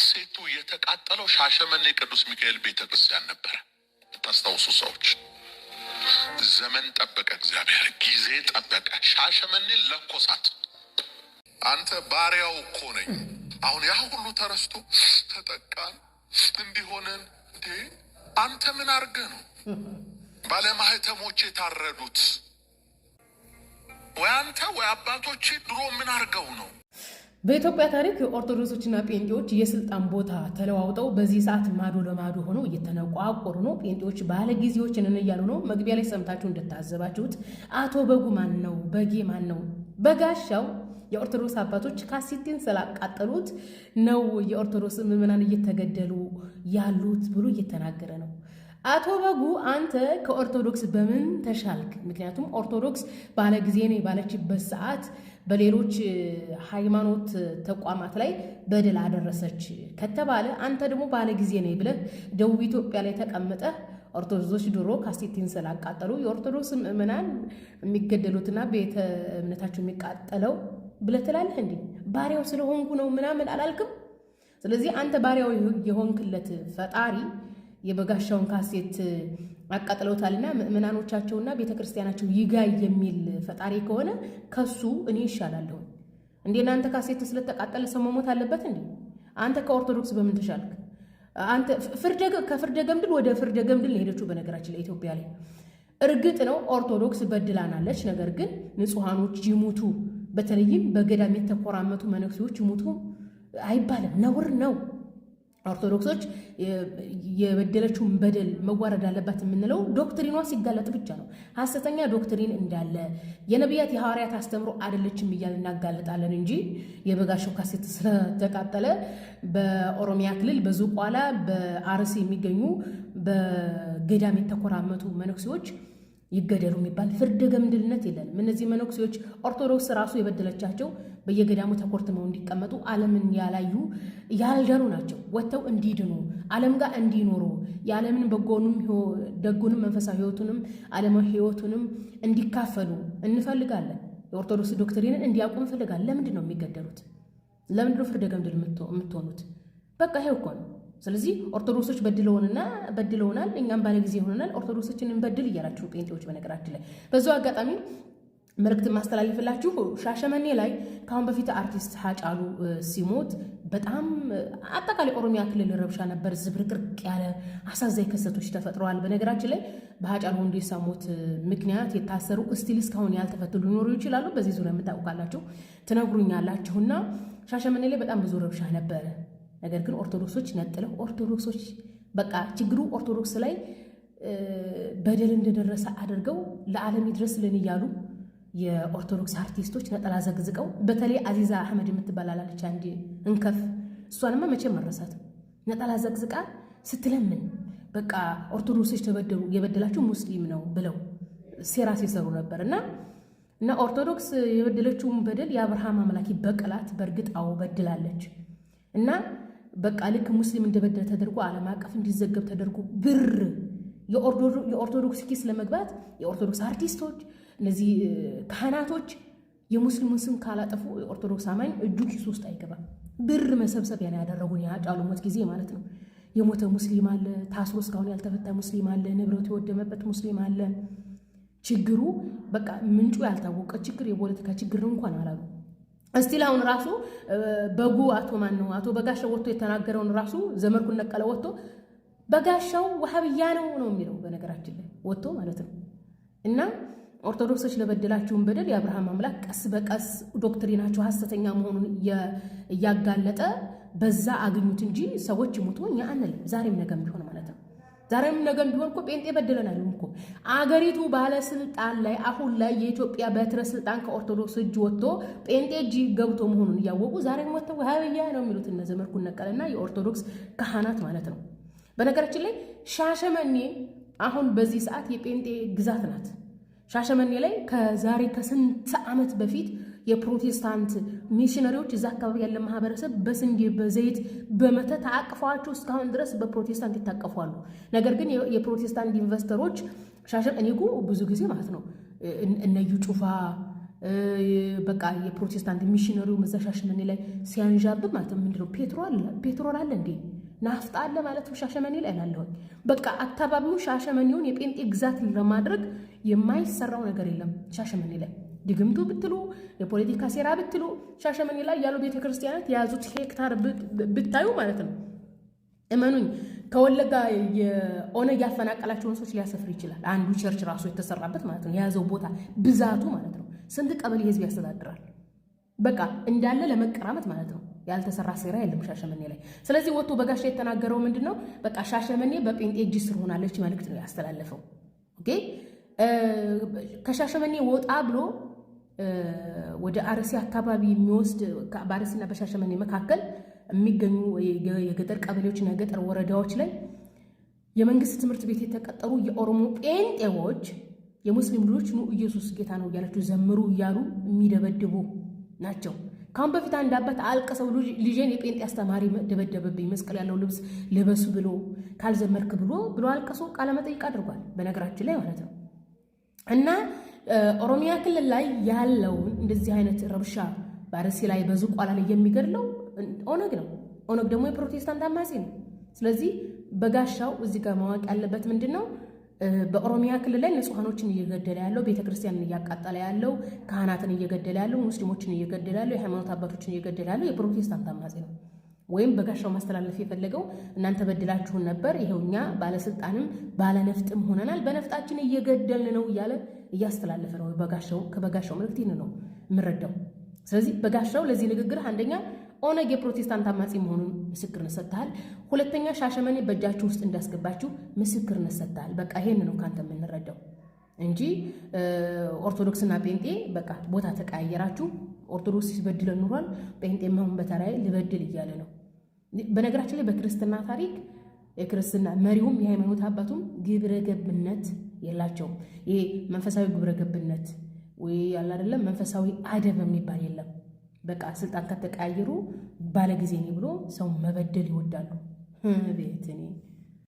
ካሴቱ የተቃጠለው ሻሸመኔ ቅዱስ ሚካኤል ቤተ ክርስቲያን ነበረ። ታስታውሱ ሰዎች፣ ዘመን ጠበቀ፣ እግዚአብሔር ጊዜ ጠበቀ። ሻሸመኔ ለኮሳት። አንተ ባሪያው እኮ ነኝ። አሁን ያ ሁሉ ተረስቶ ተጠቃን እንዲሆነን እንዴ? አንተ ምን አርገ ነው ባለማህተሞች የታረዱት? ወይ አንተ ወይ አባቶቼ ድሮ ምን አርገው ነው በኢትዮጵያ ታሪክ ኦርቶዶክሶችና ጴንጤዎች የስልጣን ቦታ ተለዋውጠው በዚህ ሰዓት ማዶ ለማዶ ሆነው እየተነቋቆሩ ነው። ጴንጤዎች ባለጊዜዎችን እያሉ ነው። መግቢያ ላይ ሰምታችሁ እንደታዘባችሁት አቶ በጉ ማን ነው? በጌ ማን ነው? በጋሻው የኦርቶዶክስ አባቶች ካሲቲን ስላቃጠሉት ነው የኦርቶዶክስ ምዕመናን እየተገደሉ ያሉት ብሎ እየተናገረ ነው። አቶ በጉ አንተ ከኦርቶዶክስ በምን ተሻልክ? ምክንያቱም ኦርቶዶክስ ባለ ጊዜ ነው የባለችበት ሰዓት በሌሎች ሃይማኖት ተቋማት ላይ በደል አደረሰች ከተባለ አንተ ደግሞ ባለ ጊዜ ነው ብለህ ደቡብ ኢትዮጵያ ላይ ተቀምጠ ኦርቶዶክሶች ድሮ ካሴቲን ስላቃጠሉ የኦርቶዶክስ ምዕመናን የሚገደሉትና ቤተ እምነታቸው የሚቃጠለው ብለህ ትላለህ። እንዲ ባሪያው ስለሆንኩ ነው ምናምን አላልክም። ስለዚህ አንተ ባሪያው የሆንክለት ፈጣሪ የበጋሻውን ካሴት አቃጥለውታልና ምእመናኖቻቸውና ቤተ ክርስቲያናቸው ይጋይ የሚል ፈጣሪ ከሆነ ከሱ እኔ ይሻላለሁ። እንዴ እናንተ ካሴት ስለተቃጠለ ሰው መሞት አለበት እንዴ? አንተ ከኦርቶዶክስ በምን ተሻልክ? አንተ ከፍርደ ገምድል ወደ ፍርደ ገምድል ሄደችው። በነገራችን ላይ ኢትዮጵያ ላይ እርግጥ ነው ኦርቶዶክስ በድላናለች። ነገር ግን ንጹሐኖች ይሙቱ፣ በተለይም በገዳም የተኮራመቱ መነኩሴዎች ይሙቱ አይባልም፣ ነውር ነው። ኦርቶዶክሶች የበደለችውን በደል መዋረድ አለባት የምንለው ዶክትሪኗ ሲጋለጥ ብቻ ነው። ሐሰተኛ ዶክትሪን እንዳለ የነቢያት የሐዋርያት አስተምሮ አይደለችም እያል እናጋለጣለን እንጂ የበጋሸው ካሴት ስለተቃጠለ በኦሮሚያ ክልል በዙቋላ በአርሲ የሚገኙ በገዳም የተኮራመቱ መነኩሴዎች ይገደሉ የሚባል ፍርደ ገምድልነት የለንም። እነዚህ መነኩሴዎች ኦርቶዶክስ ራሱ የበደለቻቸው በየገዳሙ ተኮርትመው እንዲቀመጡ ዓለምን ያላዩ ያልደሩ ናቸው። ወጥተው እንዲድኑ ዓለም ጋር እንዲኖሩ የዓለምን በጎንም ደጉንም መንፈሳዊ ህይወቱንም ዓለማዊ ህይወቱንም እንዲካፈሉ እንፈልጋለን። የኦርቶዶክስ ዶክትሪንን እንዲያውቁ እንፈልጋለን። ለምንድን ነው የሚገደሉት? ለምንድነው ፍርደ ገምድል የምትሆኑት? በቃ ይሄ እኮ ነው። ስለዚህ ኦርቶዶክሶች በድለውንና በድለውናል እኛም ባለ ጊዜ ሆነናል ኦርቶዶክሶችን እንበድል እያላችሁ ጴንጤዎች፣ በነገራችን ላይ በዚሁ አጋጣሚ መልእክት ማስተላልፍላችሁ ሻሸመኔ ላይ ከአሁን በፊት አርቲስት ሀጫሉ ሲሞት በጣም አጠቃላይ ኦሮሚያ ክልል ረብሻ ነበር። ዝብርቅርቅ ያለ አሳዛኝ ክስተቶች ተፈጥረዋል። በነገራችን ላይ በሀጫሉ ሁንዴሳ ሞት ምክንያት የታሰሩ እስቲል እስካሁን ያልተፈቱ ሊኖሩ ይችላሉ። በዚህ ዙሪያ የምታውቃላችሁ ትነግሩኛላችሁና ሻሸመኔ ላይ በጣም ብዙ ረብሻ ነበረ። ነገር ግን ኦርቶዶክሶች ነጥለው ኦርቶዶክሶች በቃ ችግሩ ኦርቶዶክስ ላይ በደል እንደደረሰ አድርገው ለዓለም ይድረስልን እያሉ የኦርቶዶክስ አርቲስቶች ነጠላ ዘግዝቀው በተለይ አዚዛ አህመድ የምትባላላለች አንድ እንከፍ እሷንማ መቼም መረሳት ነጠላ ዘግዝቃ ስትለምን በቃ ኦርቶዶክሶች ተበደሉ፣ የበደላችሁ ሙስሊም ነው ብለው ሴራ ሲሰሩ ነበር እና እና ኦርቶዶክስ የበደለችውን በደል የአብርሃም አምላክ በቀላት። በእርግጥ አዎ በድላለች እና በቃ ልክ ሙስሊም እንደበደለ ተደርጎ ዓለም አቀፍ እንዲዘገብ ተደርጎ ብር የኦርቶዶክስ ኪስ ለመግባት የኦርቶዶክስ አርቲስቶች እነዚህ ካህናቶች የሙስሊሙን ስም ካላጠፉ የኦርቶዶክስ አማኝ እጁ ኪሱ ውስጥ አይገባም። ብር መሰብሰቢያ ነው ያደረጉን የአጫሉ ሞት ጊዜ ማለት ነው። የሞተ ሙስሊም አለ፣ ታስሮ እስካሁን ያልተፈታ ሙስሊም አለ፣ ንብረቱ የወደመበት ሙስሊም አለ። ችግሩ በቃ ምንጩ ያልታወቀ ችግር፣ የፖለቲካ ችግር እንኳን አላሉ። እስቲል አሁን ራሱ በጉ አቶ ማን ነው አቶ በጋሻው ወጥቶ የተናገረውን ራሱ ዘመርኩን ነቀለ ወጥቶ በጋሻው ወሃብያ ነው ነው የሚለው በነገራችን ላይ ወጥቶ ማለት ነው እና ኦርቶዶክሶች ለበደላችሁን በደል የአብርሃም አምላክ ቀስ በቀስ ዶክትሪናቸው ሐሰተኛ መሆኑን እያጋለጠ በዛ አግኙት እንጂ ሰዎች ይሞቱ እኛ አንልም። ዛሬም ነገም ቢሆን ማለት ነው። ዛሬም ነገም ቢሆን እኮ ጴንጤ በደለን አይሉም እኮ። አገሪቱ ባለስልጣን ላይ አሁን ላይ የኢትዮጵያ በትረ ስልጣን ከኦርቶዶክስ እጅ ወጥቶ ጴንጤ እጅ ገብቶ መሆኑን እያወቁ ዛሬም ወጥተው ሀብያ ነው የሚሉት እነ ዘመድኩን ነቀልና የኦርቶዶክስ ካህናት ማለት ነው። በነገራችን ላይ ሻሸመኔ አሁን በዚህ ሰዓት የጴንጤ ግዛት ናት። ሻሸመኔ ላይ ከዛሬ ከስንት ዓመት በፊት የፕሮቴስታንት ሚሽነሪዎች እዛ አካባቢ ያለ ማህበረሰብ በስንዴ በዘይት በመተት አቅፈዋቸው እስካሁን ድረስ በፕሮቴስታንት ይታቀፏሉ። ነገር ግን የፕሮቴስታንት ኢንቨስተሮች ሻሸመኔ እኮ ብዙ ጊዜ ማለት ነው እነዩ ጩፋ በቃ የፕሮቴስታንት ሚሽነሪው እዛ ሻሸመኔ ላይ ሲያንዣብብ ማለት ምንድነው ፔትሮል አለ እንዴ ናፍጣ አለ ማለት ሻሸመኔ ላይ ላለሁኝ በቃ አካባቢው ሻሸመኔውን የጴንጤ ግዛት ለማድረግ የማይሰራው ነገር የለም ሻሸመኔ ላይ ድግምቱ ብትሉ የፖለቲካ ሴራ ብትሉ ሻሸመኔ ላይ ያሉ ቤተክርስቲያናት የያዙት ሄክታር ብታዩ ማለት ነው። እመኑኝ ከወለጋ የኦነግ ያፈናቀላቸውን ሰዎች ሊያሰፍር ይችላል። አንዱ ቸርች ራሱ የተሰራበት ማለት ነው የያዘው ቦታ ብዛቱ ማለት ነው። ስንት ቀበሌ ህዝብ ያስተዳድራል? በቃ እንዳለ ለመቀራመት ማለት ነው። ያልተሰራ ሴራ የለም ሻሸመኔ ላይ። ስለዚህ ወጥቶ በጋሻ የተናገረው ምንድን ነው? በቃ ሻሸመኔ በጴንጤ እጅ ስር ሆናለች መልእክት ነው ያስተላለፈው። ኦኬ ከሻሸመኔ ወጣ ብሎ ወደ አርሲ አካባቢ የሚወስድ በአርሲና በሻሸመኔ መካከል የሚገኙ የገጠር ቀበሌዎችና የገጠር ወረዳዎች ላይ የመንግስት ትምህርት ቤት የተቀጠሩ የኦሮሞ ጴንጤዎች የሙስሊም ልጆች ኑ ኢየሱስ ጌታ ነው እያላችሁ ዘምሩ እያሉ የሚደበድቡ ናቸው። ከአሁን በፊት አንድ አባት አልቅሰው ልጄን የጴንጤ አስተማሪ ደበደበብኝ፣ መስቀል ያለው ልብስ ልበሱ ብሎ ካልዘመርክ ብሎ ብሎ አልቅሶ ቃለመጠይቅ አድርጓል። በነገራችን ላይ ማለት ነው። እና ኦሮሚያ ክልል ላይ ያለውን እንደዚህ አይነት ረብሻ በአርሲ ላይ በዝቋላ ላይ የሚገድለው ኦነግ ነው። ኦነግ ደግሞ የፕሮቴስታንት አማጺ ነው። ስለዚህ በጋሻው እዚህ ጋር ማወቅ ያለበት ምንድን ነው? በኦሮሚያ ክልል ላይ ንጹሐኖችን እየገደለ ያለው ቤተክርስቲያንን እያቃጠለ ያለው ካህናትን እየገደለ ያለው ሙስሊሞችን እየገደለ ያለው የሃይማኖት አባቶችን እየገደለ ያለው የፕሮቴስታንት አማጺ ነው። ወይም በጋሻው ማስተላለፍ የፈለገው እናንተ በድላችሁን ነበር፣ ይሄው እኛ ባለስልጣንም ባለነፍጥም ሆነናል፣ በነፍጣችን እየገደልን ነው እያለ እያስተላለፈ ነው። በጋሻው ከበጋሻው መልእክት ይህን ነው የምረዳው። ስለዚህ በጋሻው ለዚህ ንግግር አንደኛ ኦነግ የፕሮቴስታንት አማጺ መሆኑን ምስክርነት ሰጥተሃል። ሁለተኛ ሻሸመኔ በእጃችሁ ውስጥ እንዳስገባችሁ ምስክርነት ሰጥተሃል። በቃ ይሄን ነው ከአንተ የምንረዳው እንጂ ኦርቶዶክስና ጴንጤ በቃ ቦታ ተቀያየራችሁ። ኦርቶዶክስ ሲበድለን ኑሯል፣ ጴንጤ መሆን በተራዬ ልበድል እያለ ነው። በነገራችን ላይ በክርስትና ታሪክ የክርስትና መሪውም የሃይማኖት አባቱም ግብረ ገብነት የላቸውም። ይሄ መንፈሳዊ ግብረ ገብነት ወይ ያለ አይደለም፣ መንፈሳዊ አደብ የሚባል የለም። በቃ ስልጣን ከተቀያየሩ ባለጊዜ ብሎ ሰው መበደል ይወዳሉ ቤት